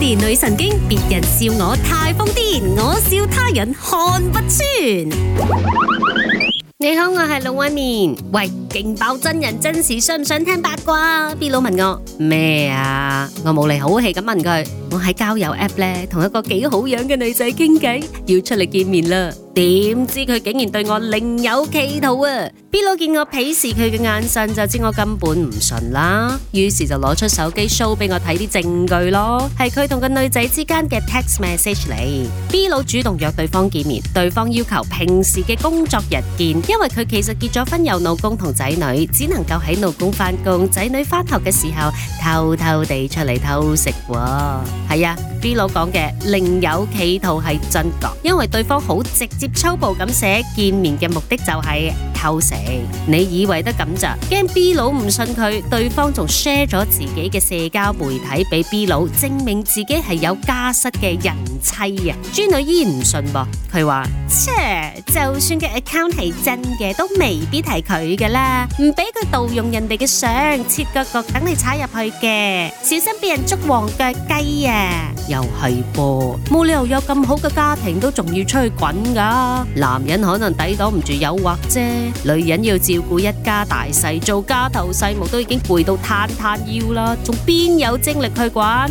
連女神經，別人笑我太瘋癲，我笑他人看不穿。你好，我係龍紋敏，喂。勁爆真人真事，想唔想聽八卦？B 佬問我咩啊？我冇嚟好氣咁問佢，我喺交友 app 咧同一個幾好樣嘅女仔傾偈，要出嚟見面啦。點知佢竟然對我另有企圖啊！B 佬見我鄙視佢嘅眼神，就知我根本唔信啦。於是就攞出手機 show 俾我睇啲證據咯，係佢同個女仔之間嘅 text message 嚟。B 佬主動約對方見面，對方要求平時嘅工作日見，因為佢其實結咗婚有老公同仔。仔女只能夠喺老公翻工，仔女翻學嘅時候偷偷地出嚟偷食啊。係啊，B 佬講嘅另有企圖係真噶，因為對方好直接粗暴咁寫見面嘅目的就係偷食。你以為得咁着？驚 B 佬唔信佢，對方仲 share 咗自己嘅社交媒體俾 B 佬，證明自己係有家室嘅人妻啊。朱女依然唔信噃，佢話。就算佢 account 係真嘅，都未必係佢噶啦，唔俾佢盜用人哋嘅相，切個角等你踩入去嘅，小心被人捉黃腳雞啊！又係噃，冇理由有咁好嘅家庭都仲要出去滾噶，男人可能抵擋唔住誘惑啫，女人要照顧一家大細，做家頭細務都已經攰到攤攤腰啦，仲邊有精力去滾？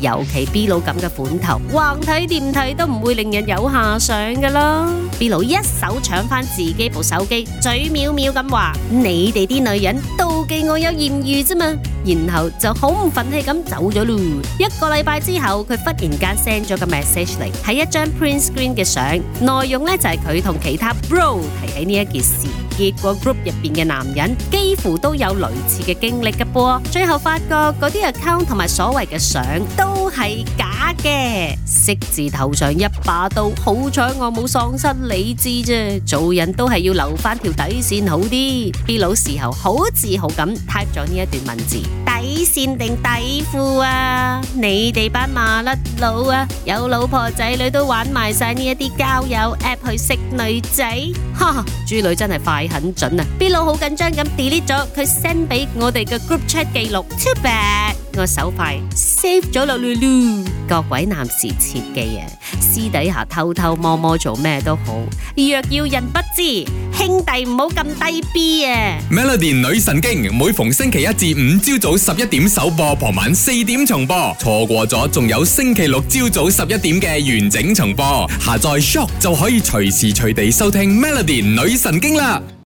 尤其 B 佬咁嘅款頭，橫睇掂睇都唔會令人有下想噶啦，B 佬。一手搶返自己部手機，嘴藐藐咁話：你哋啲女人妒忌我有豔遇啫嘛！然後就好唔忿氣咁走咗咯。一個禮拜之後，佢忽然間 send 咗個 message 嚟，係一張 print screen 嘅相，內容呢，就係佢同其他 bro 提起呢一件事。結果，group 入邊嘅男人幾乎都有類似嘅經歷嘅噃。最後發覺嗰啲 account 同埋所謂嘅相都係假嘅。色字頭上一把刀，好彩我冇喪失理智啫。做人都係要留翻條底線好啲。B 佬時候好自豪咁 type 咗呢一段文字。底線定底褲啊！你哋班麻甩佬啊，有老婆仔女都玩埋晒呢一啲交友 app 去識女仔，哈！哈，豬女真係快狠準啊！B 佬好緊張咁 delete 咗佢 send 俾我哋嘅 group chat 記錄，too bad。個手快，save 咗落嚟咯。各位男士切記啊，私底下偷偷摸摸做咩都好，若要人不知，兄弟唔好咁低 B 啊。Melody 女神經，每逢星期一至五朝早十一點首播，傍晚四點重播，錯過咗仲有星期六朝早十一點嘅完整重播。下載 Shock 就可以隨時隨地收聽 Melody 女神經啦。